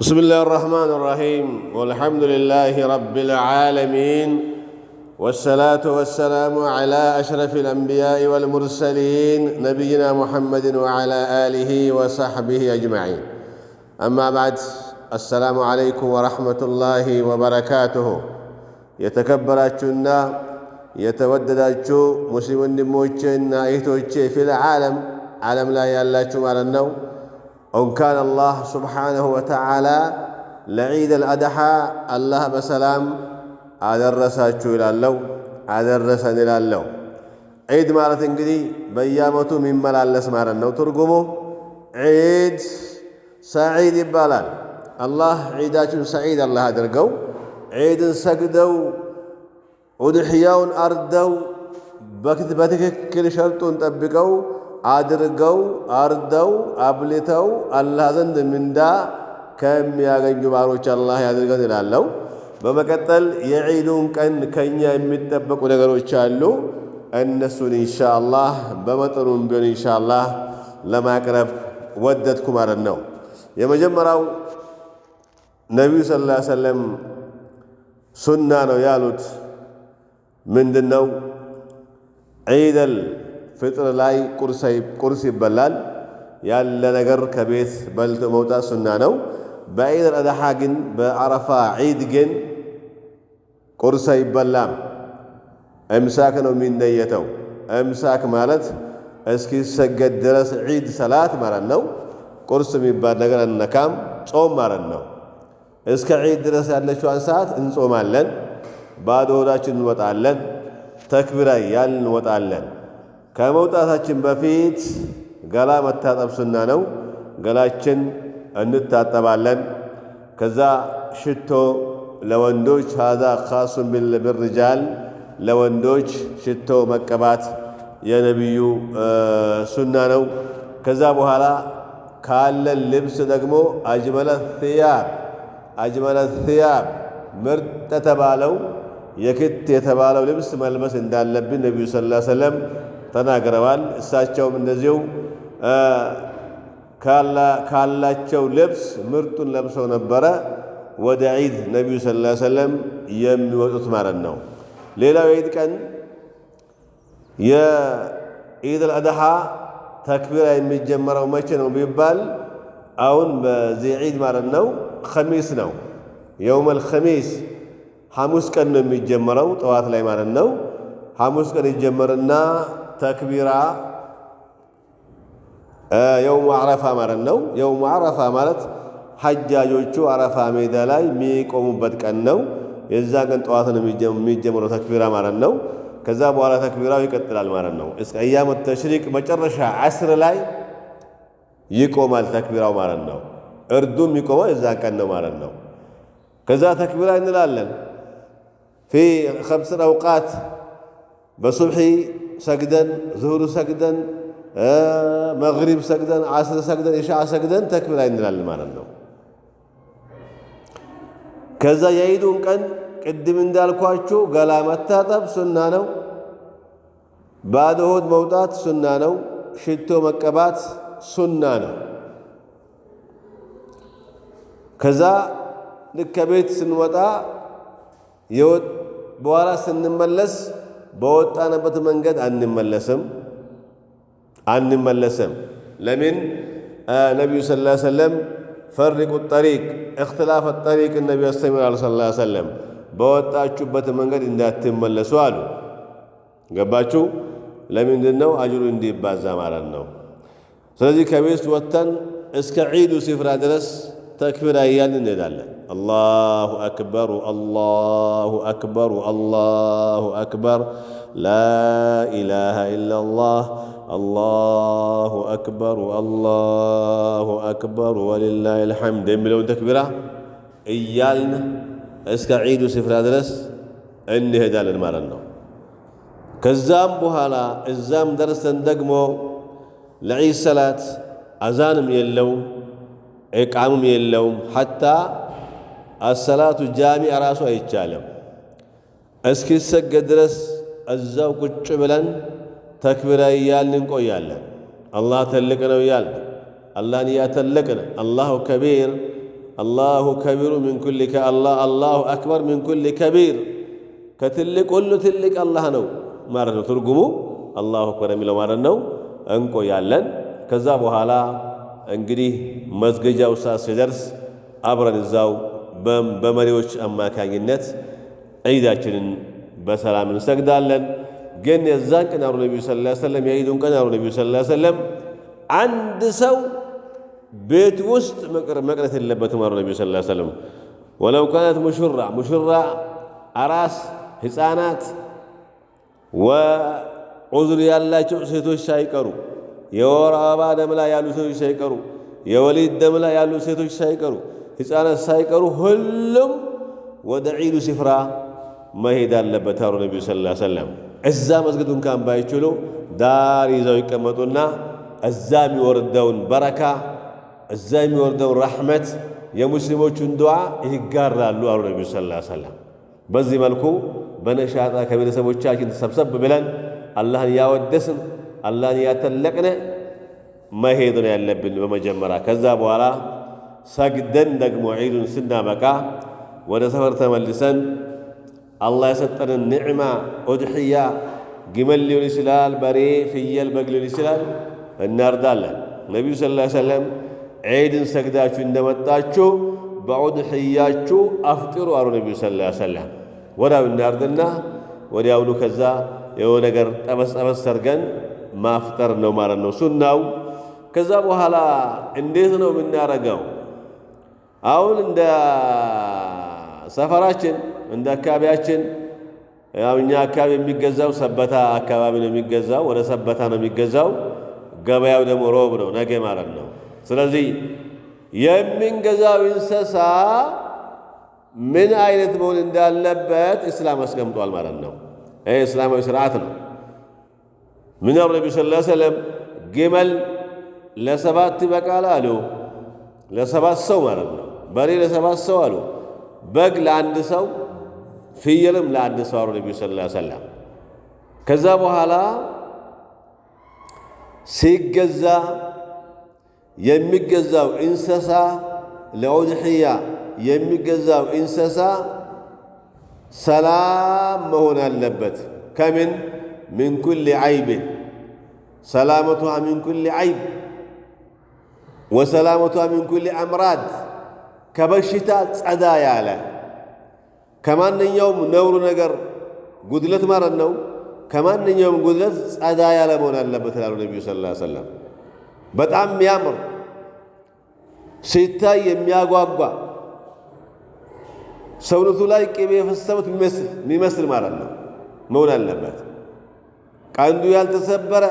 بسم الله الرحمن الرحيم والحمد لله رب العالمين والصلاة والسلام على أشرف الأنبياء والمرسلين نبينا محمد وعلى آله وصحبه أجمعين أما بعد السلام عليكم ورحمة الله وبركاته يتكبر يتودد يتودداتشو مسلمون دموتشنا إيتوتشي في العالم عالم لا يالاتشو النوم ኦን ካን አላህ ሱብሓነሁ ወተዓላ ለዒድ አልአድሓ አላህ በሰላም አደረሳችሁ ይላለው አደረሰን ይላለው። ዒድ ማለት እንግዲህ በየዓመቱ የሚመላለስ ማለት ነው። ትርጉሙ ዒድ ሰዒድ ይባላል። አላህ ዒዳችሁን ሰዒድ አላህ አድርገው። ዒድን ሰግደው ኡድሕያውን አርደው በትክክል ሸርጡን ጠብቀው አድርገው አርደው አብልተው አላህ ዘንድ ምንዳ ከሚያገኙ ባሮች አላህ ያድርገን ይላለው። በመቀጠል የዒዱን ቀን ከኛ የሚጠበቁ ነገሮች አሉ። እነሱን ኢንሻአላህ በመጠኑም ቢሆን ኢንሻአላህ ለማቅረብ ወደድኩ ማለት ነው። የመጀመሪያው ነቢዩ ሰለላሁ ዐለይሂ ወሰለም ሱና ነው ያሉት ምንድን ነው ዒደል ፍጥር ላይ ቁርስ ይበላል። ያለ ነገር ከቤት በልቶ መውጣት ሱና ነው። በኢድ አልአድሓ ግን በአረፋ ዒድ ግን ቁርስ አይበላም። እምሳክ ነው የሚነየተው። እምሳክ ማለት እስኪሰገድ ድረስ ዒድ ሰላት ማለት ነው። ቁርስ የሚባል ነገር አንነካም። ጾም ማለት ነው። እስከ ዒድ ድረስ ያለችዋን ሰዓት እንጾማለን። ባዶ ሆዳችን እንወጣለን። ተክቢራ ያል እንወጣለን። ከመውጣታችን በፊት ገላ መታጠብ ሱና ነው። ገላችን እንታጠባለን። ከዛ ሽቶ ለወንዶች ሃዛ ካሱን ብርጃል ለወንዶች ሽቶ መቀባት የነቢዩ ሱና ነው። ከዛ በኋላ ካለን ልብስ ደግሞ አጅመለ ያብ አጅመለ ያብ ምርጥ የተባለው የክት የተባለው ልብስ መልበስ እንዳለብን ነቢዩ ስ ዐለይሂ ተናግረዋል። እሳቸውም እንደዚሁ ካላቸው ልብስ ምርጡን ለብሰው ነበረ ወደ ዒድ ነቢዩ ሰለላሁ ዐለይሂ ወሰለም የሚወጡት ማለት ነው። ሌላው የዒድ ቀን የዒድ አልአድሓ ተክቢራ የሚጀመረው መቼ ነው ቢባል አሁን በዚህ ዒድ ማለት ነው ኸሚስ ነው። የውመል ኸሚስ ሐሙስ ቀን ነው የሚጀመረው ጠዋት ላይ ማለት ነው። ሐሙስ ቀን ይጀመርና ተክቢራ የውሙ አረፋ ማለት ነው። የውሙ አረፋ ማለት ሐጃጆቹ አረፋ ሜዳ ላይ የሚቆሙበት ቀን ነው። የዛ ቀን ጠዋትን የሚጀምረው ተክቢራ ማለት ነው። ከዛ በኋላ ተክቢራው ይቀጥላል ማለት ነው። እስከ አያሙ ተሽሪቅ መጨረሻ ዓስር ላይ ይቆማል ተክቢራው ማለት ነው። እርዱም ይቆመው የዛ ቀን ነው ማለት ነው። ከዛ ተክቢራ እንላለን ፊ ከምስን አውቃት በሱብሒ ሰግደን ዝሁር ሰግደን መግሪብ ሰግደን ዓስር ሰግደን ኢሻ ሰግደን ተክቢራ እንላለን ማለት ነው። ከዛ የኢዱን ቀን ቅድም እንዳልኳችሁ ገላ መታጠብ ሱና ነው። ባዶ ሆድ መውጣት ሱና ነው። ሽቶ መቀባት ሱና ነው። ከዛ ልክ ከቤት ስንወጣ በኋላ ስንመለስ በወጣንበት መንገድ አንመለስም አንመለስም። ለምን ነቢዩ ስ ሰለም ፈሪቁ ጠሪቅ እክትላፈ ጠሪቅ ነቢ ያስተምራሉ ስ ሰለም በወጣችሁበት መንገድ እንዳትመለሱ አሉ። ገባችሁ? ለምንድን ነው አጅሩ እንዲባዛ ማለት ነው። ስለዚህ ከቤት ወጥተን እስከ ዒዱ ስፍራ ድረስ ተክቢራ እያልን እንሄዳለን። الله اكبر الله اكبر الله اكبر لا اله الا الله الله اكبر الله اكبر ولله الحمد بلون تكبيره ايالنا اسكا عيدو سفر ادرس ان هدالن مالنا كزام بوهالا الزام درس ደግሞ ለዒድ ሰላት أزانم يلوم اقامم يلوم حتى الصلاة الجامعة راسو أي تشالم اسكي السق درس الزو كتبلا تكبر ايال نكو ايال الله تلقنا ويال الله نيا تلقنا الله كبير الله كبير من كل ك الله الله أكبر من كل كبير كتلك كل تلك الله نو مارنو ترقمو الله أكبر من مارنو أنكو يالن كذا بحالا انجري مزجج أو ساس درس أبرن الزاو በመሪዎች አማካኝነት ዒዳችንን በሰላም እንሰግዳለን። ግን የዛን ቀን አሉ ነቢዩ ሰለላሁ ዐለይሂ ወሰለም የዒዱን ቀን አሉ ነቢዩ ሰለላሁ ዐለይሂ ወሰለም አንድ ሰው ቤት ውስጥ መቅረት የለበትም አሉ ነቢዩ ሰለላሁ ዐለይሂ ወሰለም ወለው ካነት ሙሽራ ሙሽራ፣ አራስ፣ ሕፃናት ወዑዝር ያላቸው ሴቶች ሳይቀሩ የወር አበባ ደም ላይ ያሉ ሴቶች ሳይቀሩ የወሊድ ደም ላይ ያሉ ሴቶች ሳይቀሩ ህፃናት ሳይቀሩ ሁሉም ወደ ዒዱ ስፍራ መሄድ አለበት አሉ ነቢዩ ሰለላሁ ዐለይሂ ወሰለም። እዛ መስገድ እንኳን ባይችሉ ዳር ይዘው ይቀመጡና እዛ የሚወርደውን በረካ እዛ የሚወርደውን ረሕመት የሙስሊሞቹን ዱዓ ይጋራሉ አሉ ነቢዩ ሰለላሁ ዐለይሂ ወሰለም። በዚህ መልኩ በነሻጣ ከቤተሰቦቻችን ተሰብሰብ ብለን አላህን ያወደስን አላህን ያተለቅነ መሄድ ነው ያለብን በመጀመሪያ ከዛ በኋላ ሰግደን ደግሞ ዒዱን ስናበቃ ወደ ሰፈር ተመልሰን አላህ የሰጠንን ኒዕማ ኦድሕያ ግመል ሊሆን ይችላል፣ በሬ፣ ፍየል፣ በግ ሊሆን ይችላል እናርዳለን። ነቢዩ ሰለላሁ ዐለይሂ ወሰለም ዒድን ሰግዳችሁ እንደመጣችሁ በኦድሕያችሁ አፍጢሩ አሉ። ነቢዩ ሰለላሁ ዐለይሂ ወሰለም ወዲያው እናርድና ወዲያውኑ ከዛ የሆነ ነገር ጠበስ ጠበስ ሰርገን ማፍጠር ነው ማለት ነው ሱናው። ከዛ በኋላ እንዴት ነው የምናረገው? አሁን እንደ ሰፈራችን እንደ አካባቢያችን ያው እኛ አካባቢ የሚገዛው ሰበታ አካባቢ ነው የሚገዛው፣ ወደ ሰበታ ነው የሚገዛው። ገበያው ደግሞ ሮብ ነው ነገ ማለት ነው። ስለዚህ የሚንገዛው እንስሳ ምን አይነት መሆን እንዳለበት እስላም አስቀምጧል ማለት ነው። ይህ እስላማዊ ስርዓት ነው። ምናም ነቢ ስ ሰለም ግመል ለሰባት ይበቃል አሉ፣ ለሰባት ሰው ማለት ነው። በሬ ለሰባት ሰው አሉ። በግ ለአንድ ሰው፣ ፍየልም ለአንድ ሰው አሉ ነቢዩ ስለ ሰላም። ከዛ በኋላ ሲገዛ የሚገዛው እንስሳ ለኡድሕያ የሚገዛው እንስሳ ሰላም መሆን አለበት። ከምን ምን ኩል ዓይብን ሰላመቷ ምን ኩል ዓይብ ወሰላመቷ ምን ኩል አምራድ ከበሽታ ጸዳ ያለ ከማንኛውም ነውሩ ነገር ጉድለት ማለት ነው። ከማንኛውም ጉድለት ጸዳ ያለ መሆን አለበት ይላሉ ነቢዩ ሰለላሁ ዐለይሂ ወሰለም። በጣም የሚያምር ሲታይ የሚያጓጓ ሰውነቱ ላይ ቅቤ የፈሰበት የሚመስል ማለት ነው መሆን አለበት። ቀንዱ ያልተሰበረ፣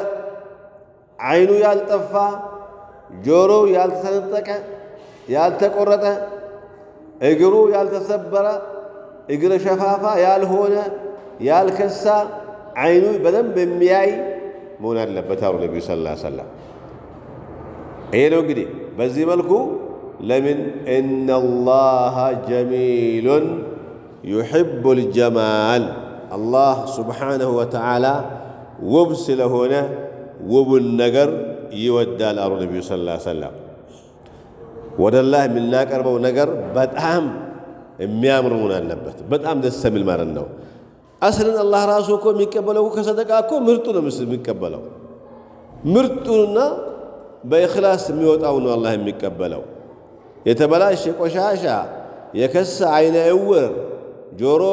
አይኑ ያልጠፋ፣ ጆሮው ያልተሰነጠቀ ያልተቆረጠ እግሩ ያልተሰበረ እግረ ሸፋፋ ያልሆነ ያልከሳ አይኑ በደንብ የሚያይ መሆን አለበት አሉ ነቢዩ ስላ ሰላም። ይሄ ነው እንግዲህ በዚህ መልኩ ለምን እናላሃ ጀሚሉን ዩሕቡል ጀማል አላህ ሱብሓነሁ ወተዓላ ውብ ስለሆነ ውቡን ነገር ይወዳል አሉ ነቢዩ ስላ ሰላም። ወደ አላህ የምናቀርበው ነገር በጣም የሚያምር መሆን አለበት። በጣም ደስ የሚል ማለት ነው። አስልን አላህ ራሱ እኮ የሚቀበለው ከሰደቃ እኮ ምርጡ ነው የሚቀበለው። ምርጡንና በእኽላስ የሚወጣው ነው አላህ የሚቀበለው። የተበላሸ ቆሻሻ፣ የከሳ አይነ እውር፣ ጆሮ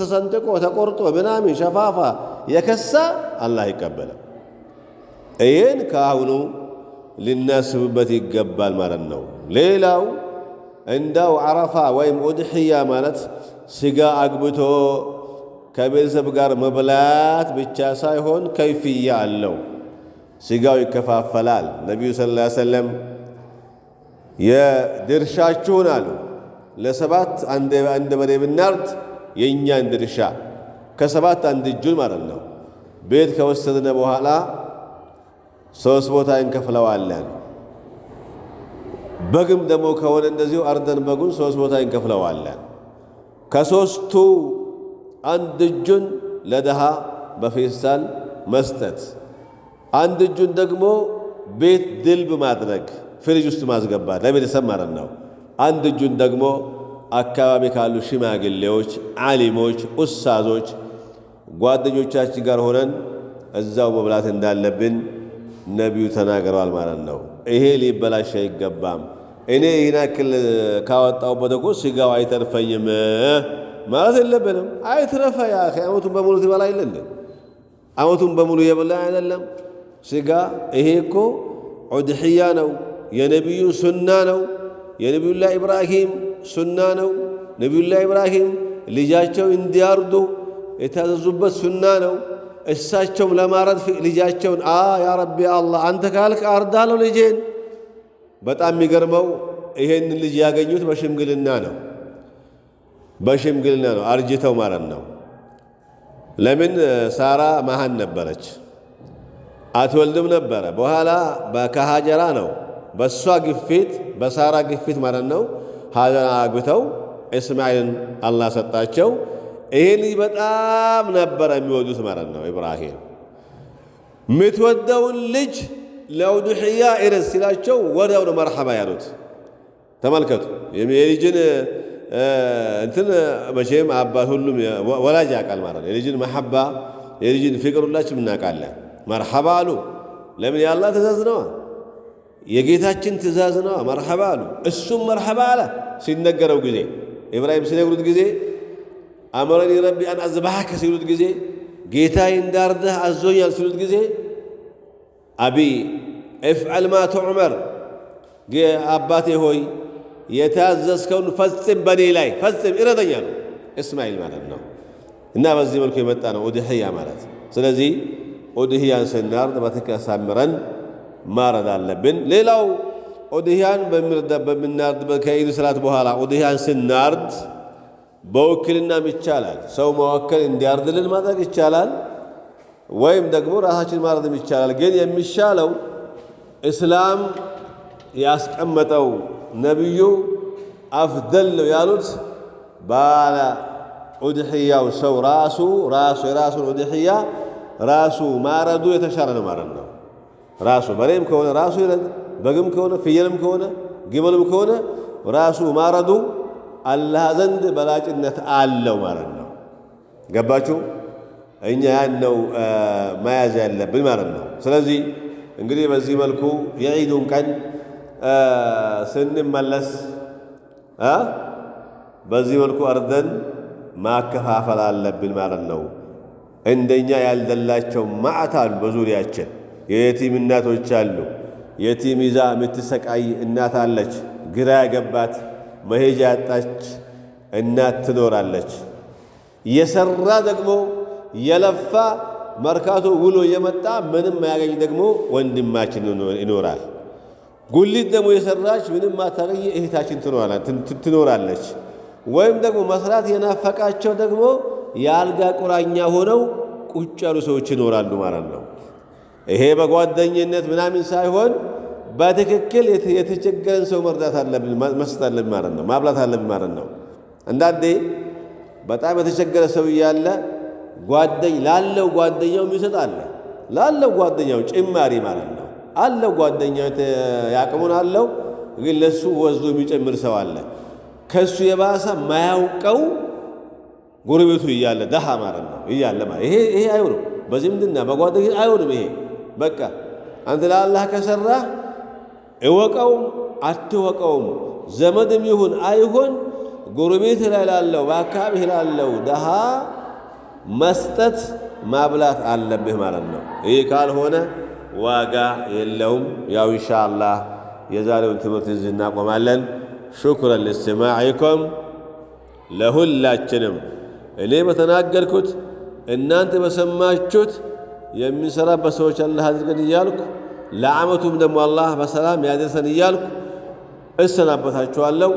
ተሰንጥቆ ተቆርጦ ምናምን ሸፋፋ የከሳ አላህ ይቀበለው። ይህን ከአሁኑ ልናስብበት ይገባል ማለት ነው። ሌላው እንዳው ዓረፋ ወይም ኡድሕያ ማለት ስጋ አግብቶ ከቤተሰብ ጋር መብላት ብቻ ሳይሆን ከይፍያ አለው። ስጋው ይከፋፈላል። ነቢዩ ሰለላሁ ዐለይሂ ወሰለም የድርሻችሁን አሉ ለሰባት አንድ በሬ ብናርድ የእኛን ድርሻ ከሰባት አንድ እጁን ማለት ነው። ቤት ከወሰድነ በኋላ ሶስት ቦታ እንከፍለዋለን። በግም ደግሞ ከሆነ እንደዚሁ አርደን በጉን ሶስት ቦታ እንከፍለዋለን። ከሶስቱ አንድ እጁን ለድሃ በፌስታል መስጠት፣ አንድ እጁን ደግሞ ቤት ድልብ ማድረግ ፍሪጅ ውስጥ ማስገባት ለቤተሰብ ማለት ነው። አንድ እጁን ደግሞ አካባቢ ካሉ ሽማግሌዎች፣ ዓሊሞች፣ ኡሳዞች ጓደኞቻችን ጋር ሆነን እዛው መብላት እንዳለብን ነቢዩ ተናግረዋል ማለት ነው። ይሄ ሊበላሽ አይገባም። እኔ ይህን ያክል ካወጣሁበት እኮ ስጋው አይተርፈኝም ማለት የለብንም። አይትረፈ ያ አመቱን በሙሉ ትበላ አይለለ አመቱን በሙሉ የበላ አይደለም ስጋ። ይሄ እኮ ዑድሕያ ነው፣ የነቢዩ ሱና ነው። የነቢዩላ ኢብራሂም ሱና ነው። ነቢዩላ ኢብራሂም ልጃቸው እንዲያርዱ የታዘዙበት ሱና ነው። እሳቸውም ለማረድ ልጃቸውን አ ያ ረቢ አላህ አንተ ካልክ አርዳለሁ ልጄን። በጣም የሚገርመው ይሄንን ልጅ ያገኙት በሽምግልና ነው። በሽምግልና ነው አርጅተው ማለት ነው። ለምን ሳራ መሃን ነበረች፣ አትወልድም ነበረ። በኋላ ከሀጀራ ነው በእሷ ግፊት፣ በሳራ ግፊት ማለት ነው ሀጀራ አግብተው እስማኤልን አላህ ሰጣቸው። ይሄ ልጅ በጣም ነበረ የሚወዱት ማለት ነው። ኢብራሂም የምትወደውን ልጅ ለውዱሕያ እረስ ሲላቸው ወዲያው ነው መርሐባ ያሉት። ተመልከቱ የልጅን እንትን መቼም አባት ሁሉም ወላጅ ያውቃል ማለት ነው። የልጅን መሐባ የልጅን ፍቅር ሁላችን እናውቃለን። መርሐባ አሉ። ለምን ያላ ትእዛዝ ነዋ፣ የጌታችን ትእዛዝ ነዋ። መርሐባ አሉ። እሱም መርሐባ አለ ሲነገረው ጊዜ ኢብራሂም ሲነግሩት ጊዜ አመረኒ ረቢ አን አዝባሐከ ሲሉት ጊዜ ጌታዬ እንዳርደህ አዞኛል ሲሉት ጊዜ አቢ እፍዐል ማ ቱዕመር፣ አባቴ ሆይ የታዘዝከውን ፈጽም፣ በኔ ላይ ፈጽም፣ እረተኛ ነው እስማኤል ማለት ነው። እና በዚህ መልኩ የመጣ ነው ኡድህያ ማለት። ስለዚህ ኡድህያን ስናርድ በተከሳምረን ማረድ አለብን። ሌላው ኡድህያን በምናርድበት ከኢድ ሰላት በኋላ ኡድህያን ስናርድ በውክልናም ይቻላል። ሰው መወከል እንዲያርድልን ማድረግ ይቻላል፣ ወይም ደግሞ ራሳችን ማረድም ይቻላል። ግን የሚሻለው እስላም ያስቀመጠው ነቢዩ አፍደል ነው ያሉት ባለ ኡድሕያው ሰው ራሱ ራሱ የራሱን ኡድሕያ ራሱ ማረዱ የተሻለ ነው ማለት ነው። ራሱ በሬም ከሆነ ራሱ ይረድ፣ በግም ከሆነ ፍየልም ከሆነ ግመልም ከሆነ ራሱ ማረዱ አላህ ዘንድ በላጭነት አለው ማለት ነው። ገባችሁ? እኛ ያን ነው መያዝ ያለብን ማለት ነው። ስለዚህ እንግዲህ በዚህ መልኩ የዒዱን ቀን ስንመለስ በዚህ መልኩ አርደን ማከፋፈል አለብን ማለት ነው። እንደኛ ያልደላቸው ማዕት አሉ፣ በዙሪያችን የየቲም እናቶች አሉ። የቲም ይዛ የምትሰቃይ እናት አለች፣ ግራ ያገባት መሄጃ ያጣች እናት ትኖራለች። የሰራ ደግሞ የለፋ መርካቶ ውሎ የመጣ ምንም ማያገኝ ደግሞ ወንድማችን ይኖራል። ጉሊት ደግሞ የሰራች ምንም ማታገኝ እህታችን ትኖራለች። ወይም ደግሞ መስራት የናፈቃቸው ደግሞ የአልጋ ቁራኛ ሆነው ቁጭ ያሉ ሰዎች ይኖራሉ ማለት ነው። ይሄ በጓደኝነት ምናምን ሳይሆን በትክክል የተቸገረን ሰው መርዳት አለብን፣ መስጠት አለብን ማለት ነው። ማብላት አለብን ማለት ነው። አንዳንዴ በጣም የተቸገረ ሰው እያለ ጓደኝ ላለው ጓደኛው የሚሰጥ አለ፣ ላለው ጓደኛው ጭማሪ ማለት ነው። አለው ጓደኛው ያቅሙን አለው፣ ግን ለሱ ወዝዶ የሚጨምር ሰው አለ። ከሱ የባሰ ማያውቀው ጎረቤቱ እያለ ደሃ ማለት ነው እያለ ማለት ይሄ ይሄ አይሆንም። በዚህ በዝምድና በጓደኛ አይሆንም። ይሄ በቃ አንተ ለአላህ ከሰራህ እወቀውም አትወቀውም ዘመድም ይሁን አይሁን ጎረቤት ላይ ላለው በአካባቢ ላለው ደሃ መስጠት ማብላት አለብህ ማለት ነው። ይህ ካልሆነ ዋጋ የለውም። ያው ኢንሻአላህ የዛሬውን ትምህርት እዚህ እናቆማለን። ሹክረን ሊስማዒኩም ለሁላችንም እኔ በተናገርኩት እናንተ በሰማችሁት የምንሰራበት ሰዎች አላህ አድርገን እያልኩ ለዓመቱም ደግሞ አላህ በሰላም ያደርሰን እያልኩ እሰናበታችኋለሁ።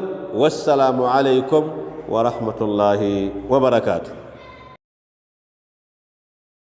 ወሰላሙ ዓለይኩም ወረሕመቱላሂ ወበረካቱ።